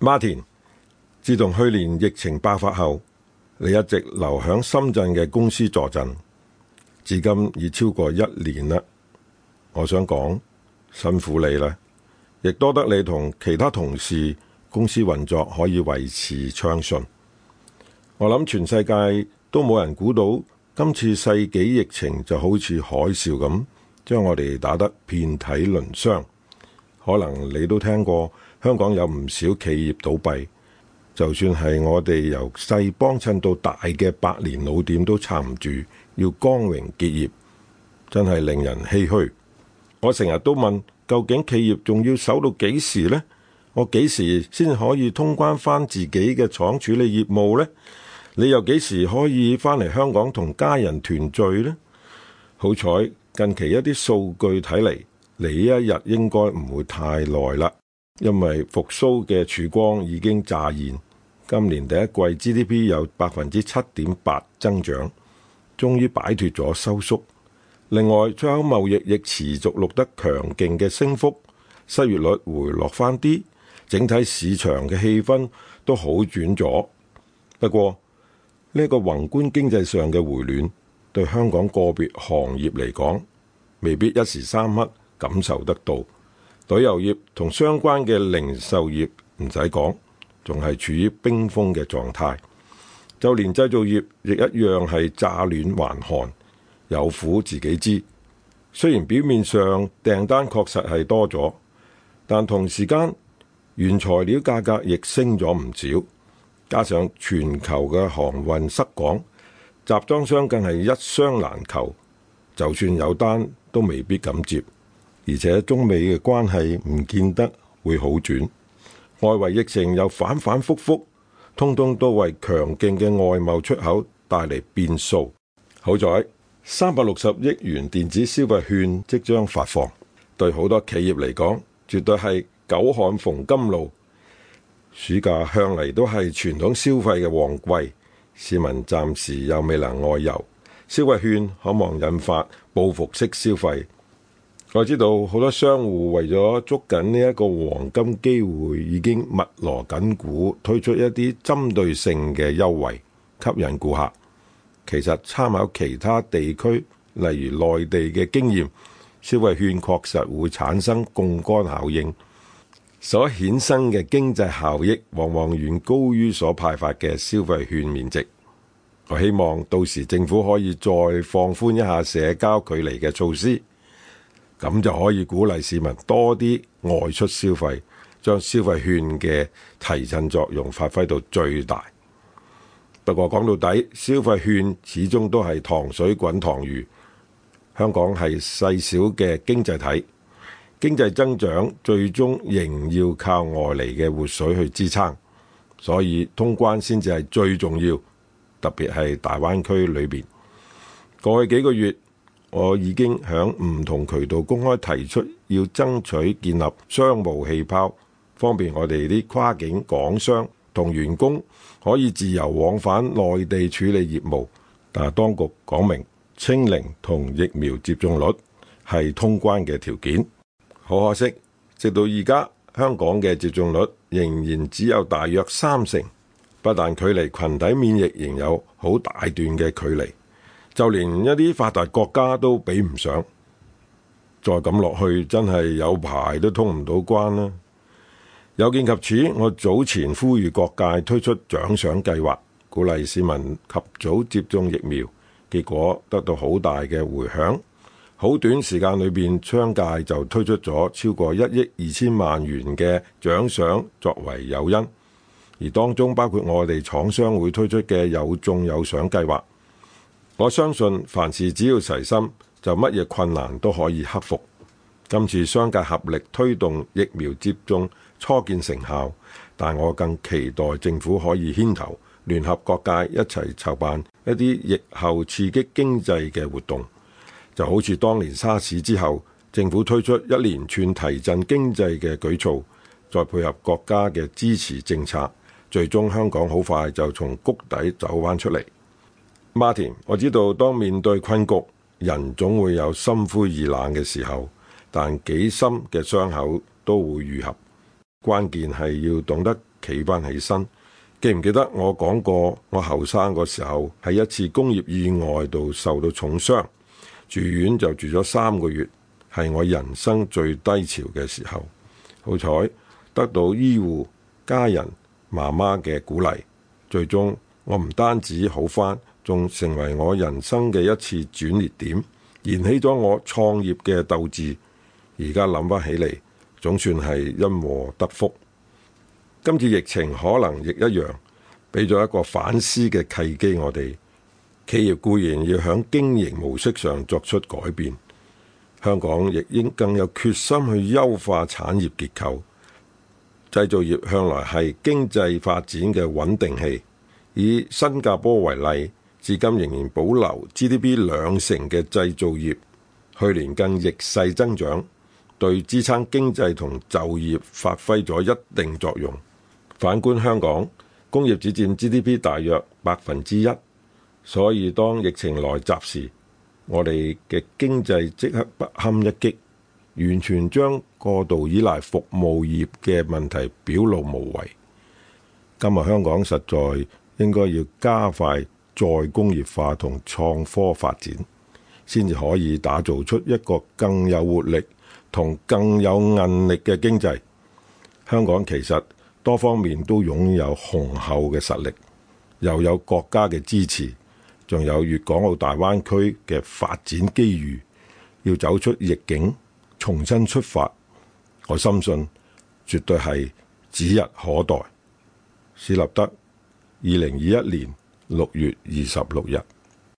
馬田，Martin，自從去年疫情爆發後，你一直留響深圳嘅公司坐鎮，至今已超過一年啦。我想講辛苦你啦，亦多得你同其他同事，公司運作可以維持暢順。我諗全世界都冇人估到今次世紀疫情就好似海嘯咁，將我哋打得遍體鱗傷。可能你都聽過。香港有唔少企業倒閉，就算係我哋由細幫襯到大嘅百年老店，都撐唔住，要光榮結業，真係令人唏噓。我成日都問，「究竟企業仲要守到幾時呢？我幾時先可以通關翻自己嘅廠處理業務呢？你又幾時可以返嚟香港同家人團聚呢？」好彩，近期一啲數據睇嚟，你一日應該唔會太耐啦。因為復甦嘅曙光已經乍現，今年第一季 GDP 有百分之七點八增長，終於擺脱咗收縮。另外，出口貿易亦持續錄得強勁嘅升幅，失業率回落翻啲，整體市場嘅氣氛都好轉咗。不過，呢個宏觀經濟上嘅回暖，對香港個別行業嚟講，未必一時三刻感受得到。旅遊業同相關嘅零售業唔使講，仲係處於冰封嘅狀態。就連製造業亦一樣係乍暖還寒，有苦自己知。雖然表面上訂單確實係多咗，但同時間原材料價格亦升咗唔少，加上全球嘅航運塞港，集裝箱更係一箱難求，就算有單都未必敢接。而且中美嘅關係唔見得會好轉，外圍疫情又反反復復，通通都為強勁嘅外貿出口帶嚟變數。好在三百六十億元電子消費券即將發放，對好多企業嚟講，絕對係久旱逢甘露。暑假向嚟都係傳統消費嘅旺季，市民暫時又未能外遊，消費券可望引發報復式消費。我知道好多商戶為咗捉緊呢一個黃金機會，已經密鑼緊鼓推出一啲針對性嘅優惠，吸引顧客。其實參考其他地區，例如內地嘅經驗，消費券確，確實會產生槓杆效應，所衍生嘅經濟效益往往遠高於所派發嘅消費券面值。我希望到時政府可以再放寬一下社交距離嘅措施。咁就可以鼓勵市民多啲外出消費，將消費券嘅提振作用發揮到最大。不過講到底，消費券始終都係糖水滾糖魚，香港係細小嘅經濟體，經濟增長最終仍要靠外嚟嘅活水去支撐，所以通關先至係最重要，特別係大灣區裏邊。過去幾個月，我已經喺唔同渠道公開提出要爭取建立商務氣泡，方便我哋啲跨境港商同員工可以自由往返內地處理業務。但係當局講明，清零同疫苗接種率係通關嘅條件。好可惜，直到而家，香港嘅接種率仍然只有大約三成，不但距離群體免疫仍有好大段嘅距離。就連一啲發達國家都比唔上，再咁落去，真係有排都通唔到關啦。有見及此，我早前呼籲各界推出獎賞計劃，鼓勵市民及早接種疫苗，結果得到好大嘅回響。好短時間裏邊，商界就推出咗超過一億二千萬元嘅獎賞作為誘因，而當中包括我哋廠商會推出嘅有中有獎計劃。我相信凡事只要齊心，就乜嘢困難都可以克服。今次商界合力推動疫苗接種，初見成效。但我更期待政府可以牽頭聯合各界一齊籌辦一啲疫後刺激經濟嘅活動，就好似當年沙士之後，政府推出一連串提振經濟嘅舉措，再配合國家嘅支持政策，最終香港好快就從谷底走翻出嚟。馬田，Martin，我知道當面對困局，人總會有心灰意冷嘅時候，但幾深嘅傷口都會愈合。關鍵係要懂得企翻起身。記唔記得我講過，我後生個時候喺一次工業意外度受到重傷住院就住咗三個月，係我人生最低潮嘅時候。好彩得到醫護家人、媽媽嘅鼓勵，最終我唔單止好翻。仲成為我人生嘅一次轉捩點，燃起咗我創業嘅鬥志。而家諗返起嚟，總算係因禍得福。今次疫情可能亦一樣，俾咗一個反思嘅契機。我哋企業固然要喺經營模式上作出改變，香港亦應更有決心去優化產業結構。製造業向來係經濟發展嘅穩定器，以新加坡為例，至今仍然保留 GDP 兩成嘅製造業，去年更逆勢增長，對支撐經濟同就業發揮咗一定作用。反觀香港，工業只佔 GDP 大約百分之一，所以當疫情來襲時，我哋嘅經濟即刻不堪一擊，完全將過度依賴服務業嘅問題表露無遺。今日香港實在應該要加快。再工業化同創科發展，先至可以打造出一個更有活力同更有韌力嘅經濟。香港其實多方面都擁有雄厚嘅實力，又有國家嘅支持，仲有粵港澳大灣區嘅發展機遇。要走出逆境，重新出發，我深信絕對係指日可待。史立德，二零二一年。六月二十六日。